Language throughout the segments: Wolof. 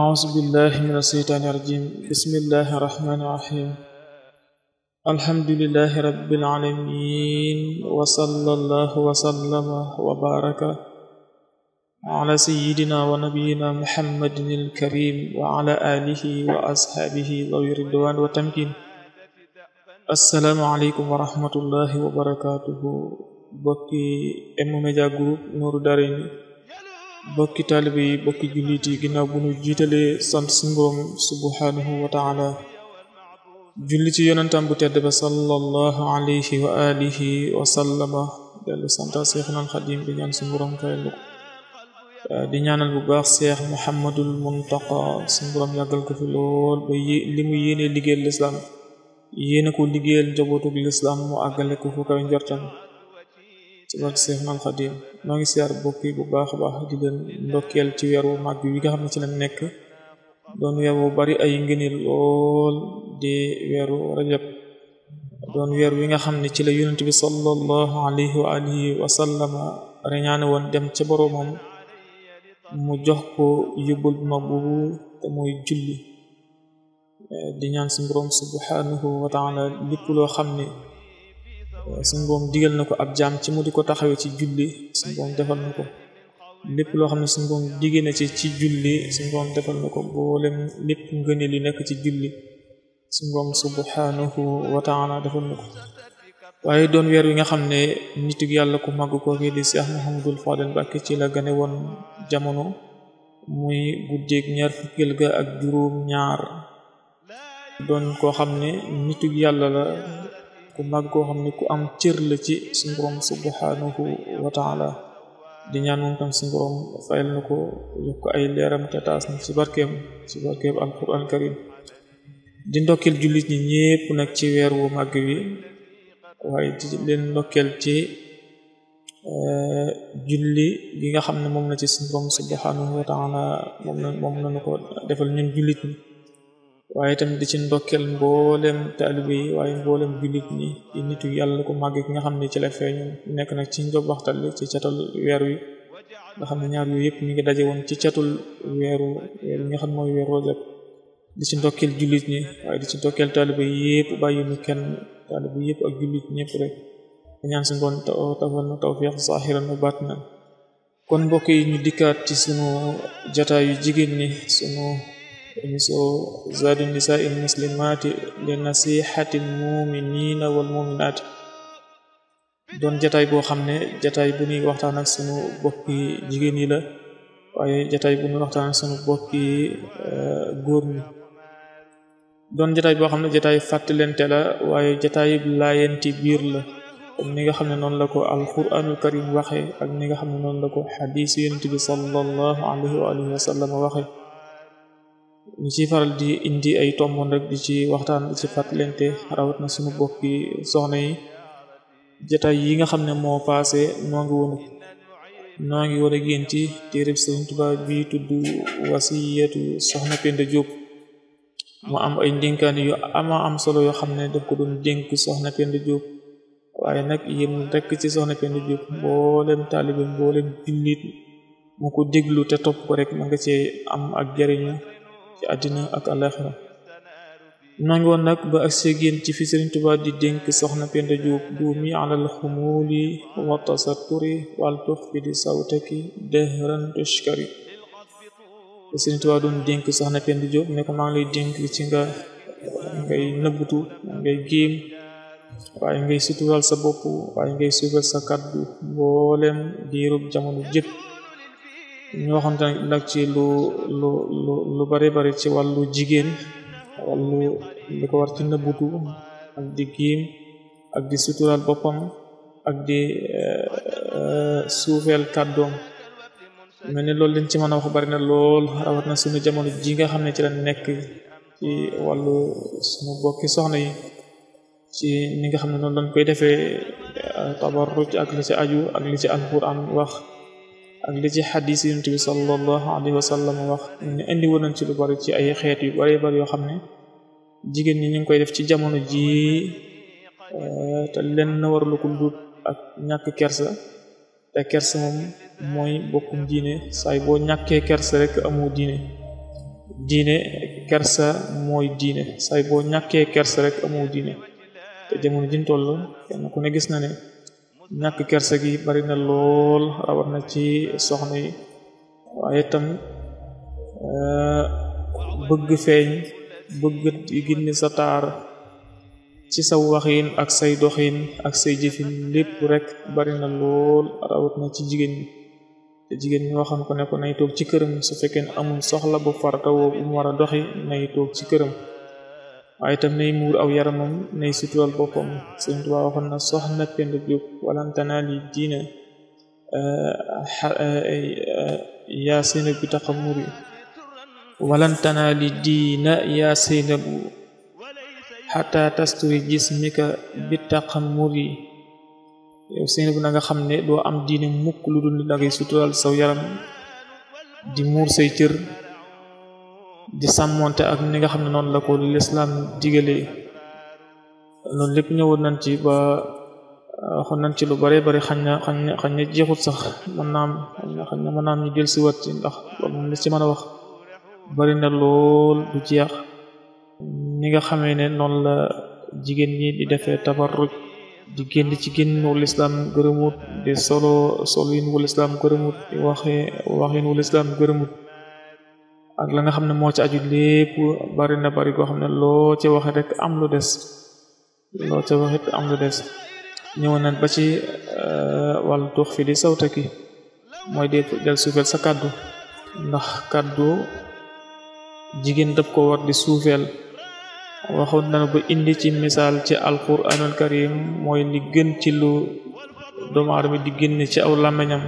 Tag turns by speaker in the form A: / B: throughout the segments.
A: أعوذ بالله من الشيطان الرجيم بسم الله الرحمن الرحيم الحمد لله رب العالمين وصلى الله وسلم وبارك على سيدنا ونبينا محمد الكريم وعلى آله وأصحابه ذوي الرضوان والتمكين السلام عليكم ورحمة الله وبركاته bokki M Media Group Nourou Darayni bokki taalibe yi bokki jullit yi ginnaaw bu nu jiitalee sant suñ boroom subhaanahu wa taala julli ci bu tedd ba sallallahu alayhi wa alihi wa sallama dellu santa seexnal xadim di ñaan suñ boroom kayal eh, di ñaanal bu baax seex muhammadul muntaqa suñ boroom yàggal ko fi lool ba li mu yéenee liggéeyal lislaam yéene ko liggéeyal njabootug lislaam mu àggale ko fu kaw njortam ci barke xadim noo ngi siyaar bokk bu baax a baax di leen ndokkeel ci weer wu màgg wi nga xam ne ci lañ nekk doon weer wu bari ay ngëneel lool di weeru rajab doon weer wi nga xam ne ci la yonent bi sallallahu alayhi wa alihi wa woon dem ca boroomam mu jox ko yóbbul bu mag boobu te mooy julli di ñaan suñu boroom subhanahu wa taala loo xam ne suñu boom digal na ko ab jaam ci mu di ko taxawee ci julli suñu boom defal na ko lépp loo xam ne su boom diggee na ci ci julli suñu boom defal na ko boolem lépp ngëneel yu nekk ci julli suñu boom subhanahu wa taala defal na ko waaye doon weer wi nga xam ne nituk yàlla ku màgg kookii di Cheikh Mouhamadul Fadel Mbacké ci la gane woon jamono muy guddeeg ñaar fukkeel ga ak juróom ñaar doon koo xam ne nituk yàlla la ku mag koo xam ne ku am cër la ci suñu borom subhanahu wa taala di ñaan moom tam suñu borom na ko yokk ko ay leeram te taas na ci barkeem ci barkeem alquran karim di ndokkeel jullit ñi ñépp nag ci weer wu màgg wi waaye di leen ci eh, julli gi nga xam ne moom la ci suñu borom subhanahu wa moom na moom ko defal ñun jullit ñi waaye tamit di ci ndokkeel mboolem taalibe yi waaye mboolem jullit ñi di nitu ko ku màgg nga xam ne ci la feeñu nekk nag ci njob waxtal ci catal weer wi nga xam ne ñaar yooyu yëpp ñu ngi daje woon ci catul weeru nga xam mooy weeru rajab di ci ndokkeel jullit ñi waaye di ci ndokkeel taalibe yëpp ba ñu kenn taalibe yëpp ak jullit ñëpp rek ñaan suñu boon tafal na tawfiq zahiran wa kon mbokk yi ñu dikkaat ci sunu jataayu jigéen ñi sunu so zaadi nisaa il muslimaati li nasihati al muminina wal muminaati doon jataay boo xam ne jataay bu ñuy waxtaan ak sunu bokki jigéen yi la waaye jataay bu ñuy waxtaan ak sunu bokki euh, góor ñi doon jataay boo xam ne jataay fàttalente la waaye jataay laayenti biir la comme ni nga xam ne noonu la ko alquranul karim waxe ak ni nga xam ne noonu la ko xadiis yonent bi sallallahu alayhi wa alihi wa sallam waxe ñu ci faral di indi ay tomboon rek di ci waxtaan di ci fàttalente rawat na suñu bokki soxna yi jataay yi nga xam ne moo paase noo ngi woon noo ngi war a génn ci téereb Sëriñ Tuubaa bi tudd wasiyatu soxna Penda Diop mu am ay ndénkaan yu ama am solo yoo xam ne daf ko doon dénk soxna Penda Diop waaye nag yem rek ci soxna Penda Diop mboolem taalibe mu ko déglu te topp ko rek ma nga cee am ak jariñu ci àddina ak àllaxira nangi nag ba ak séegéen ci fi Sëriñ Tuubaa di dénk soxna Penda Jóob duumi alal xumuuli wa tasatturi wal tuxfidi sawtaki dëhran tushkari te Sëriñ Tuubaa doon dénk soxna Penda Jóob ne maa ngi lay dénk ci nga ngay nëbbutu ngay géem waaye ngay sutural sa bopp waaye ngay suufal sa kàddu mboolem diirub jamono jëpp ñu waxoon tamit nag ci lu lu lu lu bari bari ci wàllu jigéen wàllu li ko war ci nëbbutu ak di giim ak di suturaal boppam ak di eh, suufeel kàddoom mel ni loolu liñ ci mën a wax bari na lool war na suñu jamono ji nga xam ne ci la nekk ci wàllu suñu bokki soxna yi ci ni nga xam ne noonu lañ koy defee eh, tabarruj ak li ci aju ak li ci alquran wax ak li ci xadis yonent bi sallallahu alayhi wa sallam wax ñu indi woon nañ ci lu bari ci ay xeet yu bari bari yoo xam ne jigéen ñi ñu ngi koy def ci jamono jii eh, te lenn warlu ko dut ak ñàkk kersa te kersa moom mooy bokkum diine saay boo ñàkkee kersa rek amoo diine diine kersa mooy diine saay ñàkkee kersa rek amoo diine te jamono jiñ toll kenn ku ne gis na ne ñàkk kersa gi bari na lool rawat na ci soxna yi waaye tam eh, bëgg feeñ bëgg ginni sa taar ci sa waxin ak say doxin ak say jëfin lépp rek bari na lool rawat na ci jigéen ñi te jigéen ñi waxoon ko ne ko nay toog ci këram su fekkee amul soxla bu farata woo bu mu war a doxi nay toog ci këram waaye itam nay muur aw yaramam nay sutural boppam Sëriñ Tuubaa waxoon na soxna Penda Jóob walan tanaali eh, eh, eh, diina yaa Saynabu taxamuri walan tanaali diina yaa Saynabu xata tasturi jismika bi taxamuri yow Saynabu na nga xam ne doo am diine mukk lu dul da ngay sutural saw yaram di muur say cër di sàmmonte ak ni nga xam ne noonu la ko lislaam digalee loolu lépp ñëwoon nañ ci ba euh, waxoon nañ ci lu bare bari xañ na xañ na xañ na jeexut sax mën naam xañ na mën ñu jël si wat ndax moom li ci mën a wax bari na lool du jeex ni nga xamee ne noonu la jigéen ñi di defee tabarruj di génn ci génn wu lislaam gërëmut di solo solo yin wu lislaam gërëmut di waxee wu lislaam gërëmut ak la nga xam ne moo ci aju lépp bari na bari ko xam ne loo ci wax rek am lu des loo am lu des ñëwoon nañ ba ci euh, wàllu tuux fi di sawtaki mooy de del suufeel sa kàddu ndax kàddu jigéen daf ko war di suufeel waxoon nañu ba indi ci misaal ci alquranul karim mooy li gën ci lu doomu aadama di génn ci aw làmmiñam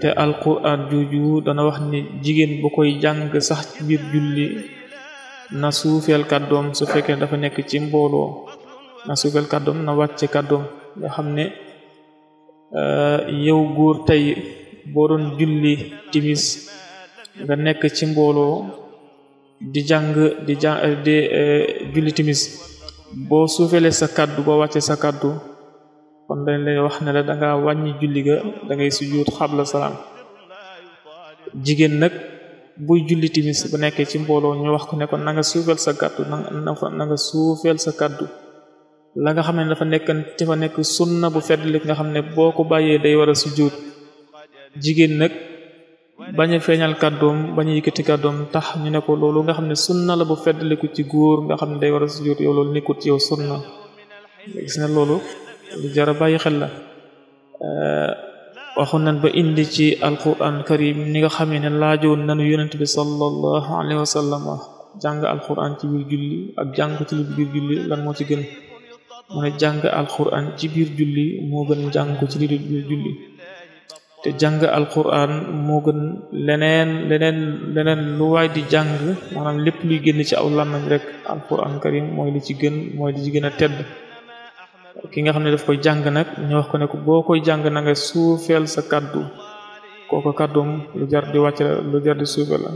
A: te alku alquran juju dana wax ni jigéen bu koy jàng sax ci biir julli na suufeel kàddoom su fekkee dafa nekk ci mbooloo na suufeel kàddoom na wàcce kàddoom nga xam ne eh, yow góor tey boo doon julli timis nga nekk ci mbooloo di jàng di jàng di eh, julli timis boo suufeele sa kàddu boo wàcce sa kàddu kon dañ lay wax ne la da ngaa wàññi julli ga da ngay sujjuut xabla salaam jigéen nag buy julli timis bu nekkee ci mbooloo ñu wax ko ne ko na nga suufeel sa kàddu na nga suufeel sa kàddu la nga xam ne dafa nekk dafa nekk sunna bu fedd li nga xam ne boo ko bàyyee day war a sujjuut jigéen nag bañ feeñal kàddoom bañ a yëkkati kàddoom tax ñu ne ko loolu nga xam ne sunna la bu feddliku ci góor nga xam ne day war a sujjuut yow loolu nekkut yow sunna gis na loolu lu jara bàyyi xel la eh, waxoon nañ ba indi ci alquran karim ni nga xamee ne laajoon nañu yonent bi sallallahu alayhi wa sallam jàng alquran ci ak jàng ci biir julli lan moo ci gën mu ne jàng alquran ci biir julli moo gën jàng ko ci biir julli te jàng alquran moo gën leneen leneen leneen lu waay di jàng maanaam lépp luy génn ci aw làmmiñ rek alquran karim mooy li ci gën mooy li ci gën a tedd ki nga xam ne daf koy jàng nag ñu wax ko ne boo koy jàng na nga suufeel sa kàddu kooku kaddum lu jar di wàcc la lu jar di suufe la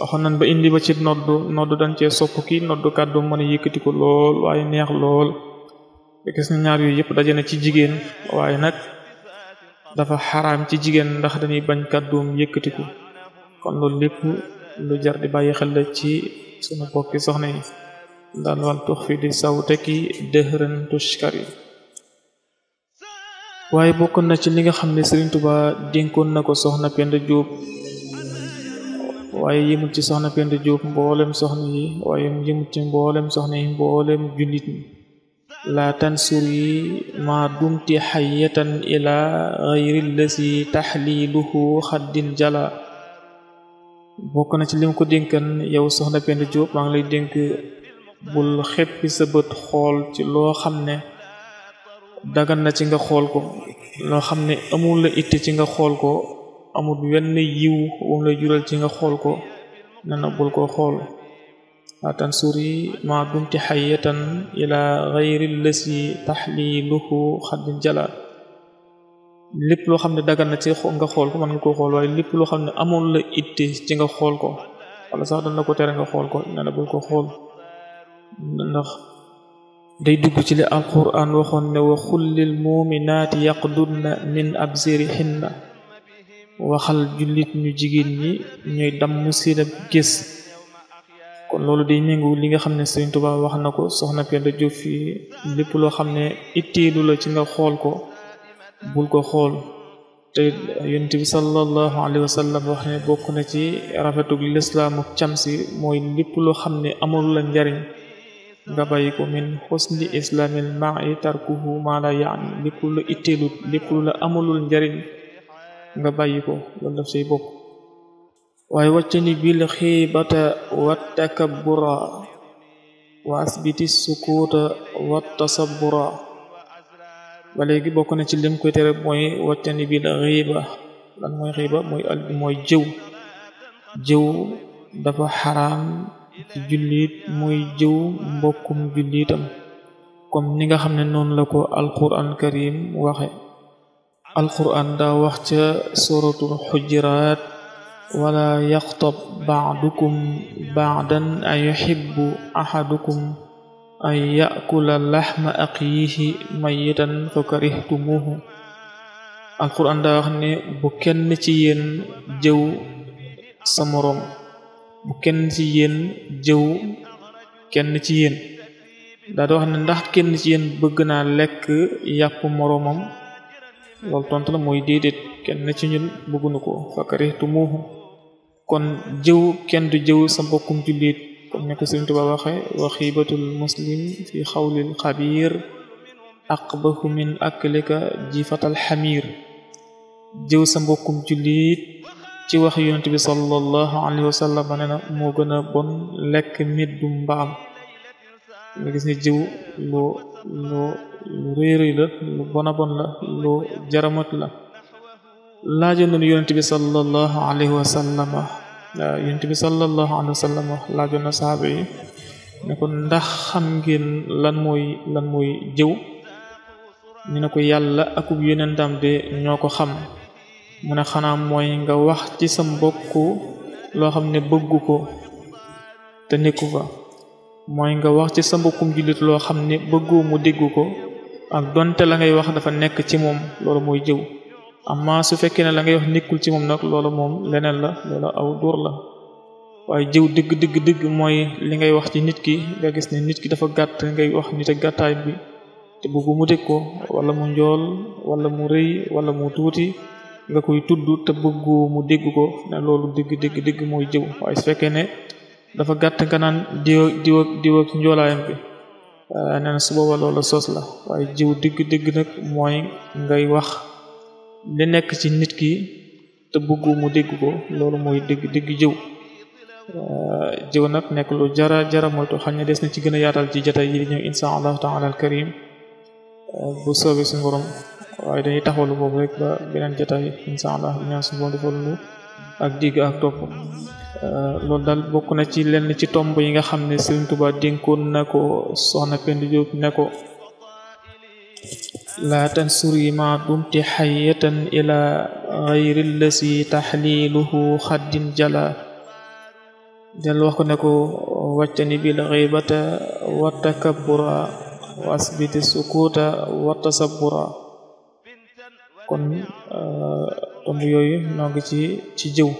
A: waxoon nañ ba indi ba ci noddu noddu dañ cee sopp ki noddu kaddu mën a yëkkati lool waaye neex lool gis na ñaar yooyu yëpp daje na ci jigéen waaye nag dafa xaraam ci jigéen ndax dañuy bañ kàdduum yëkkatiku kon loolu lépp lu jar di bàyyi xel la ci sunu bokki soxna yi dal wal tuxfi di sawtaki dëhran tushkari waaye bokkoon na ci li nga xam ne Sëriñ Tuubaa dénkoon na ko soxna Penda Jóob waaye yëmul ci soxna Penda Jóob mboolem soxna yi ci mboolem soxna yi mboolem jullit ñi laa tansur yi maa dumti xayatan ila xayri lasi taxliluhu xaddin jala bokk na ci li mu ko dénkan yow soxna Penda Jóob maa ngi lay dénk bul xeppi sa bët xool ci loo xam ne dagan na ci nga xool ko loo xam ne amul la itte ci nga xool ko amul wenn yiw wam lay jural ci nga xool ko nana bul ko xool atan suri ma dumti xayatan ila xayri lësi taxliluhu xaddin jalaat lépp loo xam ne dagan na ci nga xool ko mën nga koo xool waaye lépp loo xam ne amul la itte ci nga xool ko wala sax dana ko tere nga xool ko nana bul ko xool ndax day dugg ci li alquran waxoon ne wa xul naat muminaati yaqdudna min absirihinna waxal jullit ñu jigéen ñi ñooy damm seenab gis kon loolu day méngoo li nga xam ne Sëriñ Tuubaa wax na ko soxna Penda Jóob fi lépp loo xam ne itteelu la ci nga xool ko bul ko xool te yonent bi sallallahu alayhi wa wax ne bokk na ci rafetug lislaamu cam si mooy lépp loo xam ne amul la njariñ babayku min xusni islamil mar'i tarkuhu ma la yaani lépp lu la itteelut lépp njariñ nga bàyyi ko loolu daf say bokk waaye wàccani bil xiibata wa takabbura wa asbiti sukuuta wa tasabbura ba léegi bokk na ci lim koy tere mooy wàccani bil xiiba lan mooy xiiba mooy al mooy dafa xaraam jullit mooy jëw mbokkum jullitam kom ni nga xam ne noonu la ko alquran karim waxe alquran daa wax ca suratul xujuraat wala yaxtab baadukum baadan an yuxibbu axadukum an yakula laxma aqiihi mayitan fa karihtumuhu alquran daa wax ne bu kenn ci yéen jëw sa moroom bu kenn ci yéen jëwu kenn ci yéen daa wax ne ndax kenn ci yéen bëgg naa lekk yàpp moroomam loolu tontu la mooy déedéet kenn ci ñun bëggunu ko fakarihtumoohu kon jëw kenn du jëw sa mbokkum jullit comme ne ko Sëriñ ba waxe wa xiibatul muslim fi xawlil xabiir aqbahu min aklika jifatal xamiir jëw sa mbokkum jullit ci wax yonent bi sallallahu alayhi wa sallam ne na moo gën a bon lekk mit bu mbaam nga gis ni jiw lu lu lu réeréy la lu bon a bon la lu jaramat la laajoon nañu yonent bi sallallahu alayhi wa sallam ah, laajoon na saaba yi ne ko ndax xam ngeen lan mooy lan mooy jëw ñu ne ko yàlla akub yonentam de ñoo ko xam mu ne xanaa mooy nga wax ci sa mbokk loo xam ne bëggu ko te nekku fa mooy nga wax ci sa mbokkum jullit loo xam ne bëggoo mu déggu ko ak donte la ngay wax dafa nekk ci moom loolu mooy jëw amma su fekkee ne la ngay wax nekkul ci moom nag loolu moom leneen la loolu aw dóor la waaye jëw dëgg dëgg dëgg mooy li ngay wax ci nit ki nga gis ne nit ki dafa gàtt ngay wax nit a gàttaay bi te bëggu mu dégg ko walla mu njool walla mu rëy walla mu tuuti nga koy tudd te bëggu mu dégg ko ne loolu dégg dégg mooy jëw waaye su fekkee ne dafa gàtt nga naan diw diw ak diw ak njoolaayam bi ah, nee na loolu sos la waaye jëw dégg dégg nag mooy ngay wax li nekk ci nit ki te bëggu mu dégg ko loolu mooy dégg dégg jëw ah, jëw nag nekk lu jara jara moytu xam ne des na ci gën a yaatal ci jataay yi di ñëw insha allahu taala al karim ah, bu soobee suñu borom waaye dañuy taxawlu foofu rek ba beneen jotaay insha allah ñaan suñu borom defal ak digg ak topp euh, loolu daal bokk na ci lenn ci tomb yi nga xam ne Serigne Touba dénkoon na ko soxna Penda Diop ne ko laa tansuri ma dumti xayatan ila xayri lasi taxliluhu xaddin jala del wax ko ne ko wàccani bil xibata wa takabura wa asbiti sukuta wa tasabura yooyu noo ngi ci ci jëw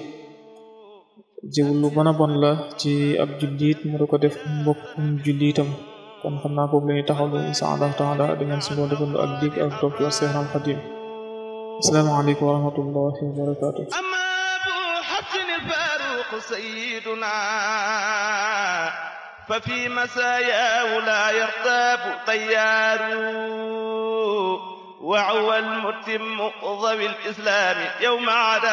A: jëw lu bana a la ci ab jullit mu da ko def mbokkum jullitam kon xam naa foofu la ñuy taxawlu insha allah taala di ngeen suñu defandu ak dig ak topp ci Seex al Xadim asalaamaaleykum wa rahmatullahi wa barakaatu ففي مساياه لا يرتاب طيار وهو المتم ذوي الإسلام يوم عدا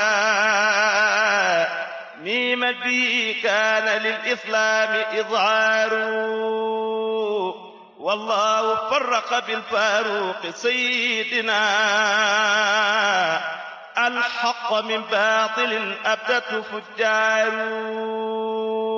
A: ميم بي كان للإسلام إظهار والله فرق بالفاروق سيدنا الحق من باطل أبدته فجار